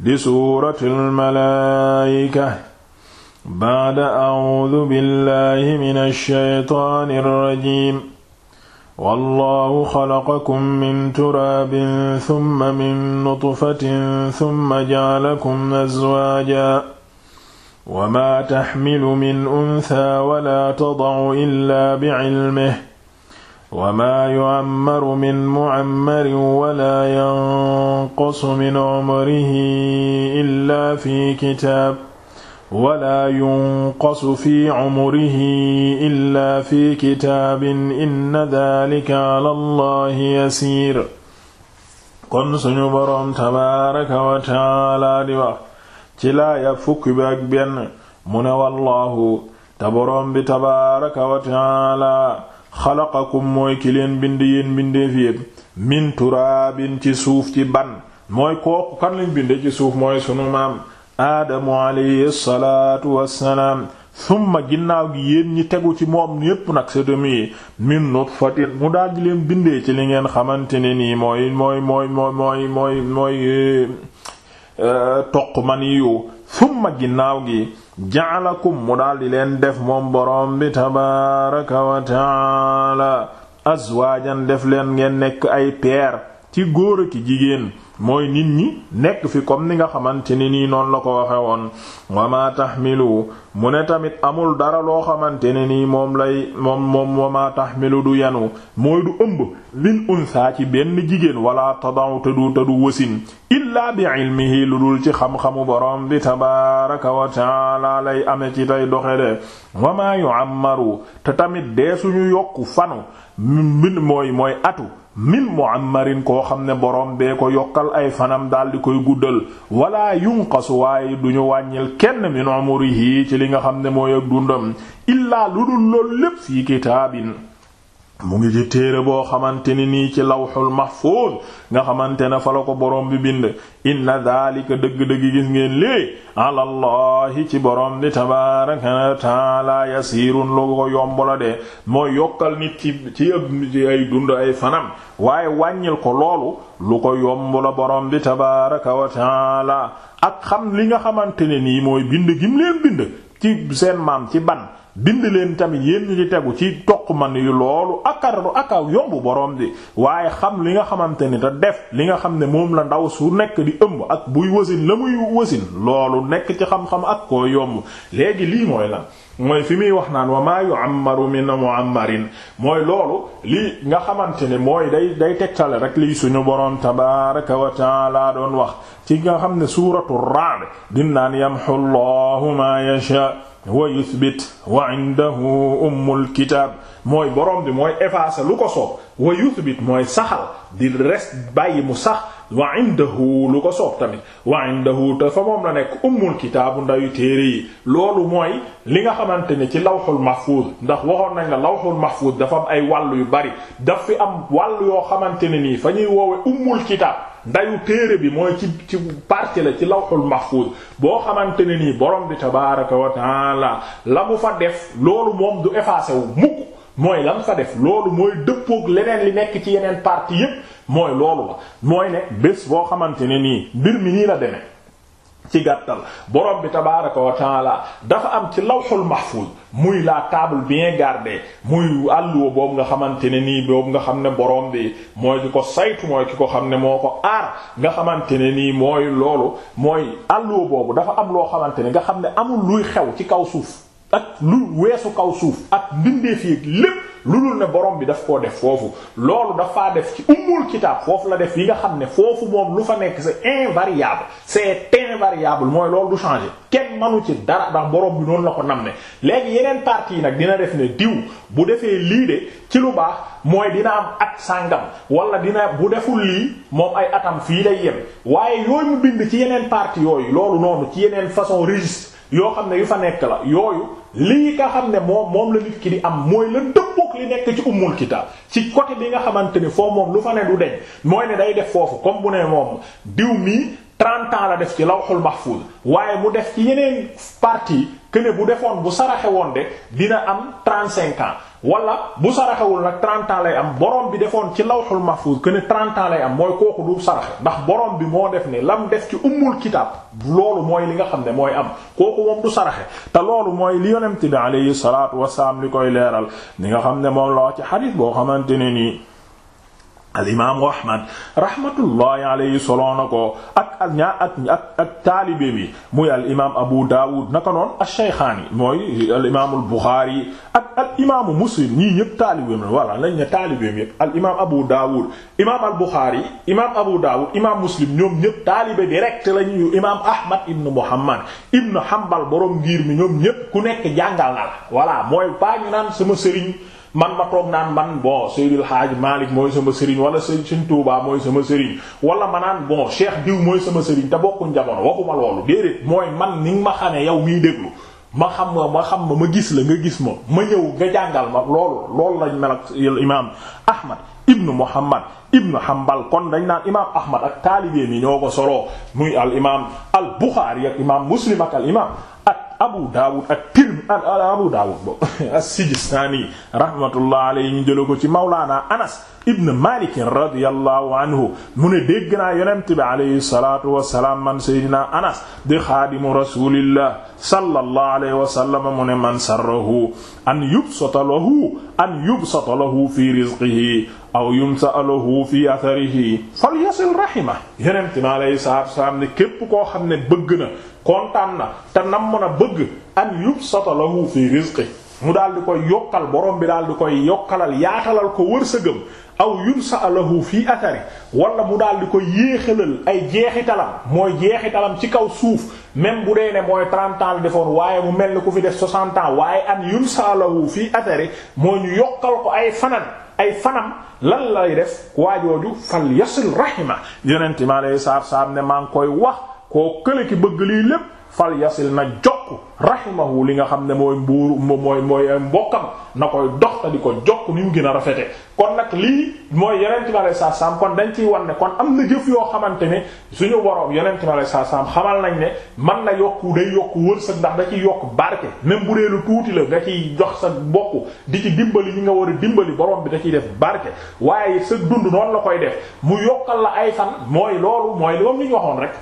di suuratul malaayika ba'da a'uudu billaahi minash shaytaanir rajiim wallaahu xalaqakum min turaabin summa min nutfatin summa ja'alakum azwaajaa wa maa taxmilu min unsaa wala tada'u illaa bi'ilmihi وما يعمر من معمر ولا ينقص من عمره إلا في كتاب ولا ينقص في عمره إلا في كتاب إن ذلك على الله يسير kon suñu boroom tabaaraka wa taala di wax ci laaya fukki bi ak benn mu ne wallaahu te boroom bi tabaaraka wa taala xalaqakum mooy ki leen bind yéen bindeef yépp min turaabin ci suuf ci ban mooy kooku kan lañ binde ci suuf mooy sunu maam aadamu alayhi salaatu wassalaam summa ginnaaw gi yéen ñi tegu ci moom yépp nag sédami min nutfatin mu daal di leen bindee ci li ngeen xamante ne nii mooy mooy mooy mooy mooy mooy mooy euh, toq man yu ginnaaw gi ja'alakum mu daldi leen def moom boroom bi tabaaraka wa taala azwaajan def leen ngeen nekk ay peer ci góor ak jigéen mooy nit ñi nekk fi comme ni nga xamante ne nii noonu la ko waxe woon wa maa taxmilu mu ne tamit amul dara loo xamante ne nii moom lay moom moom wa maa taxmilu du yenu mooy du ëmb lin unsa ci benn jigéen wala tadaw te du wasin illaa bi ilmihi lu dul ci xam-xamu borom bi tabaaraka wa taala lay ame ci tey doxe de wa maa yu'ammaru te tamit dee suñu yokku fanu min mooy mooy atu min mu'ammarin koo xam ne borom bee ko yokkal ay fanam daal di koy guddal wala yu waaye duñu wàññil kenn min umrihi ci li nga xam ne mooy ak dundam illaa lu dul loolu lépp fii kitaabin mu ngi ci téere boo xamante ne nii ci lawxul mahfuz nga xamante ne fa la ko boroom bi bind inna daalika dëgg-dëgg gis ngeen lii alallahi ci borom bi tabaraka wa taala yasiirun lu ko yomb la de mooy yokkal nit ci ci ëpp ci ay dund ay fanam waaye wàññil ko loolu lu ko yomb la borom bi tabaraka wa taala ak xam li nga xamante ne nii mooy bind gim leen bind ci seen maam ci ban bind leen tamit yéen ñu tegu ci toq man yu loolu akar akaw yomb boroom bi waaye xam li nga xamante ni te def li nga xam ne moom la ndaw su nekk di ëmb ak buy wasin la muy wasin loolu nekk ci xam-xam ak koo yomb léegi lii mooy la mooy fi muy wax naan wa maa yu'ammaru min mu'ammarin mooy loolu lii nga xamante ne mooy day day tegtale rek lii suñu boroom tabaaraka wa ta'aala doon wax ci nga xam ne suuratu Ra'd dinaan yamhu Allahu ma yasha wa yuthbit wa indahu ummul mooy borom bi mooy effacer lu ko soob wa yuthbit mooy saxal di rest bàyyi mu sax wa indahu lu ko soob tamit wa indahu te fa moom la nekk ummul kitaabu ndayu téere yi loolu mooy li nga xamante ne ci lawxul mahfuuz ndax waxoon nañ la lawxul mahfuuz dafa am ay wàll yu bari daf fi am wàll yoo xamante ne nii fa ñuy woowe ummul kitaab ndayu téere bi mooy ci ci partie la ci lawhul mahfuz boo xamante ne nii borom bi tabaaraka wa taala la mu fa def loolu moom du effacé wu mukk mooy la mu fa def loolu mooy dëppook leneen li nekk ci yeneen partie yépp mooy loolu la mooy ne bés boo xamante ne nii mbir mi nii la demee. ci gàttal borom bi tabaaraka wa taala dafa am ci lawhul mahfuz muy la table bien gardée muy àlluwa boobu nga xamante ne nii boobu nga xam ne borom bi mooy ki ko saytu mooy ki ko xam ne moo ko aar nga xamante ne nii mooy loolu mooy àlluwa boobu dafa am loo xamante ne nga xam ne amul luy xew ci kaw suuf ak lu weesu kaw suuf ak mbindeef yi lépp. lu dul ne borom bi daf koo def foofu loolu dafaa def ci umul kitaab foofu la def yi nga xam ne foofu moom lu fa nekk in c'est invariable c'est variable mooy loolu du changer kenn manu ci dara ndax borom bi noonu la ko nam ne léegi yeneen parties yi nag dina def ne diw bu defee lii de ci lu baax mooy dina am ak sàngam wala dina bu deful lii moom ay atam fii lay yem waaye yooyu mu bind ci yeneen parties yooyu loolu noonu ci yeneen façon registre yoo xam ne yu fa nekk la yooyu lii nga xam ne moom moom la nit ki di am mooy la dëppook li nekk ci ummul kitaab ci côté bi nga xamante ni foo moom lu fa ne du deñ mooy ne day def foofu comme bu ne moom diw mii 30 ans la def ci lawhul mahfuz waaye mu def ci yeneen partie que bu defoon bu saraxe woon de dina am 35 ans wala bu saraxewul nag 30 ans am boroom bi defoon ci lawhul mahfuz que ne 30 ans am mooy kooku du saraxe ndax borom bi moo def ne lam def ci ummul kitaab loolu mooy li nga xam ne mooy am kooku moom du te loolu mooy li yonent bi alayhi salaatu wasalaam li koy leeral li nga xam ne moom la wax ci xadiis boo xamante ne nii. al imaamu Ahmad rahmatullahi alayhi soloona ko ak ñaa ak ak ak bi muy al imaam Abu Dawud naka noonu ash-Shaykhaani mooy al imaamul Buxaari ak al imaamu Muslim ñii ñëpp taalibeem la voilà lañ ne taalibeem yëpp al imaam Abu Dawud imaam al Buxaari imaam Abu Dawud imaam Muslim ñoom ñëpp taalibe direct lañu imaam Ahmad ibn Muhammad ibn Hanbal borom ngir mi ñoom ñëpp ku nekk jàngal na la voilà mooy baa ñu naan sama sëriñ. man ma toog naan man boo Seydil Hadj Malick mooy sama sëriñ wala Serigne Touba mooy sama sëriñ wala ma naan bon Cheikh diw mooy sama sëriñ te bokkuñ jamono waxuma loolu déedéet mooy man ni nga ma xamee yow miy déglu ma xam ma ma xam ma ma gis la nga gis ma ma ñëw nga jàngal ma loolu loolu lañ mel ak imaam Ahmad ibnu Muhammad ibnu Hanbal kon dañ naan imaam Ahmad ak taalibe yi ñoo ko solo muy al imaam al Bukhari ak imaam Muslim ak al abu daawud ak tirm abu daawud boobu as-sijistaani rahmatullah alayhi ñu jëla ko ci mawlaana anas ibn malik radiyallahu anhu mu ne dégg naa yonent bi alayhi salatu wasalaam man sayyidina anas di xaadimu rasulillah sallallahu alayhi wa sallam mu ne man sarrahu an yubsata lahu an yubsata lahu fi rizqihi aw yunsa alahu fi atharihi falyasil rahima yeneen mi aleyi salaatu salaam képp koo xam ne bëgg na kontaan na te nam mën a bëgg an yubsata lahu fi rizqi mu daal di koy yokkal borom bi daal di koy yokkalal yaatalal ko wër wërsëgam aw yunsa lahu fii athari walla mu daal di koy yéexalal ay jeexitalam mooy jeexitalam ci kaw suuf même bu dee ne mooy 30 ans defoon waaye mu mel ni ku fi def 60 ans waaye an yunsa lahu fii athari moo ñu yokkal ko ay fanan ay fanam lan lay def waajooju fal yasil rahima yonente maa lay saar saar ne maa ngi koy wax koo kële ki bëgg lii lépp fal yasil na jokk rahimahu li nga xam ne mooy mbuuru mooy mooy eh, mbokkam na koy dox ta di ko jokk ni mu gën a rafete kon nag lii mooy yonent bi alei sa salaam kon dañ ciy wan ne kon am na jëf yoo xamante ne suñu boroom yonent bi alei satu salaam xamal nañ ne man na yokku day yokk wërsëg ndax da ciy yokk barke même bu dee lu tuuti la nga ciy jox sa bokk di ci dimbali ñi nga war a dimbali borom bi da ciy def barke waaye sa dund noonu la koy def mu yokkal la ay fan mooy loolu mooy li moom ñu waxoon rek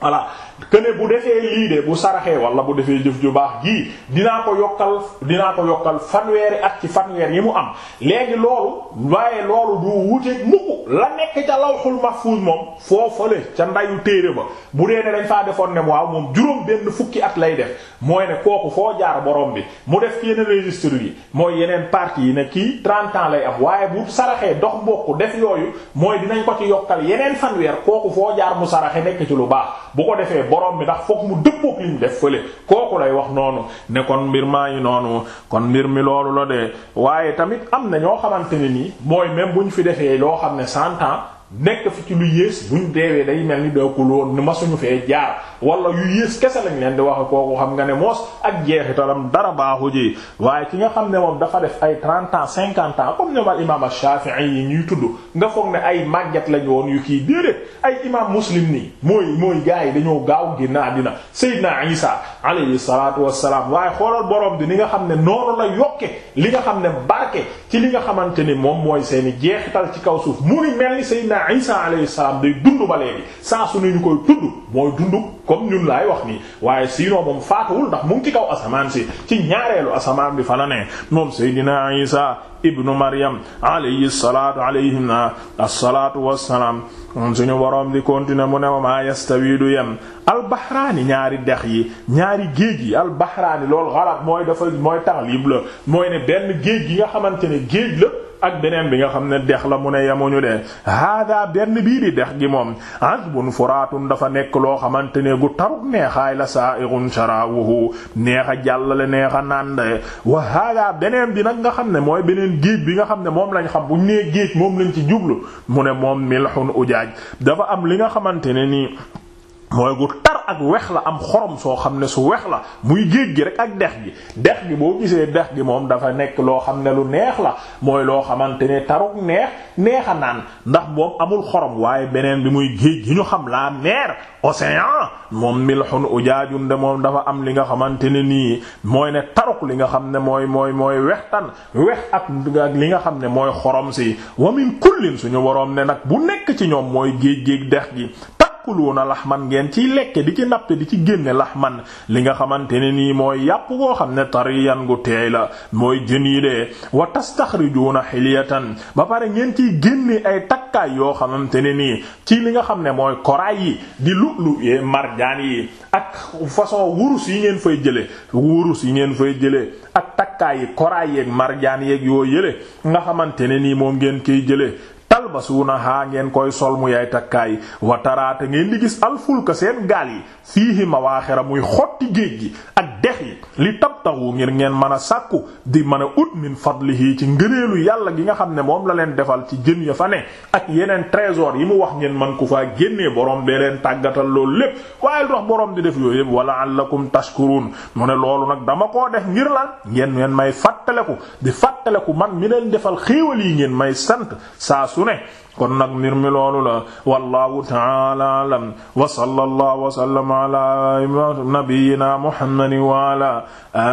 voilà que ne bu defee lii de bu saraxee wala bu defee jëf ju baax gii dinaa ko yokkal dinaa ko yokkal fanweeri at ci fanweer yi mu am léegi loolu waaye loolu du wuteeg mukk la nekk ca lawhul mahfuz moom foofale ca ndayu téere ba bu dee ne dañ faa defoon ne waaw moom juróom benn fukki at lay def mooy ne kooku foo jaar borom bi mu def ci yeneen registre yi mooy yeneen partie yi ne kii 30 ans lay am waaye bu saraxee dox mbokk def yooyu mooy dinañ ko ci yokkal yeneen fanweer kooku foo jaar mu saraxe nekk ci lu baax bu ko defee borom bi ndax foog mu dëppook li def fële kooku lay wax noonu ne kon mbir maa ngi noonu kon mbir mi loolu la de waaye tamit am na ñoo xamante ne nii mooy même bu ñu fi defee loo xam ne cent ans nekk fi ci lu yées ñu deewee day mel ni doo ko loon ni ma suñu fee jaar wala yu yées kese lañu leen di wax kooku xam nga ne moos ak jeexitalam dara baaxu ji waaye ki nga xam ne moom dafa def ay trente cinquante ans comme ñoom al ñuy tudd nga foog ne ay màgget lañ woon yu kii déedéet ay imaam muslim nii mooy mooy gaa yi dañoo gaaw gi naa dina Seydina Isa alayhi salaatu wassalaam waaye xoolal boroom bi ni nga xam ne noonu la yokke li nga xam ne barke ci li nga xamante ni moom mooy seeni jeexital ci kaw suuf mu ngi mel ni Seydina Isa alayhi salaam day dund ba léegi saa su ne ñu koy tudd dund. comme ñun laay wax nii waaye sinon moom faatuwul ndax mu ngi ci kaw asamaan si ci ñaareelu asamaan bi fa la ne moom Seydina Isa ibnu Maryam alayhi salaatu alayhim na assalaatu wassalaam moom suñu boroom di continuer mu ne ma yastawi du yem albahraani ñaari dex yi ñaari géej yi albahraani loolu xalaat mooy dafa mooy taxliib la mooy ne benn géej gi nga xamante ne géej la ak beneen bi nga xam ne dex la mu ne yemuñu de hada benn bii di dex gi moom azbun furaatun dafa nekk loo xamante ne gu taruk neexaay la sa'irun sharauhu neex a jàllale neex a naan de wa hada beneen bi nag nga xam ne mooy beneen géej bi nga xam ne moom lañ xam buñ nee géej moom lañ ci jublu mu ne moom milhun ujaaj dafa am li nga xamante nii mooy gu tar ak wex la am xorom soo xam ne su wex la muy géej gi rek ak dex gi dex gi boo gisee dex gi moom dafa nekk loo xam ne lu neex la mooy loo xamante ne taruk neex neex a naan ndax moom amul xorom waaye beneen bi muy géej gi ñu xam la mer océan moom milhun ujaajun de moom dafa am li nga xamante ne nii mooy ne taruk li nga xam ne mooy mooy mooy wextan wex ak li nga xam ne mooy xorom si wamin kullin suñu waroom ne nag bu nekk ci ñoom mooy géej géej dex gi takkuluuna laxman ngeen ciy lekke di ci nappe di ci génne laxman li nga xamante ne nii mooy yàpp koo xam ne tariyan gu teey la mooy jën yi de wa tastaxrijuuna xiliyatan ba pare ngeen ciy génne ay takkaay yoo xamante ne nii ci li nga xam ne mooy koraay yi di lu'lu yi yi ak façon wurus yi ngeen fay jële wurus yi ngeen fay jële ak takkaay yi yeeg marjaan yeeg yoo yële nga xamante ne nii moom ngeen kiy jële talbasuunahaa ngeen koy sol mu yaay takkaay wa taraata ngeen di gis alfulka seen gaal yi fiihi mawaaxira muy xotti géej gi ak dex yi li tab tabtaxu ngir ngeen mën a di mën ut min fadlihi ci ngëneelu yàlla gi nga xam ne moom la leen defal ci jën ya fa ne ak yeneen trésor yi mu wax ngeen man ku faa génnee borom bee leen tàggatal loolu lépp waaye dox borom di def yooyu yëpp wala allakum tashkurun mu ne loolu nag dama koo def ngir lan ngeen may may fàttaleku di ku man mi leen defal xéewal yi ngeen may sant saa su ne kon nag mbir mi loolu la wallahu ta'ala alam wa sallallahu wa sallama ala nabiyyina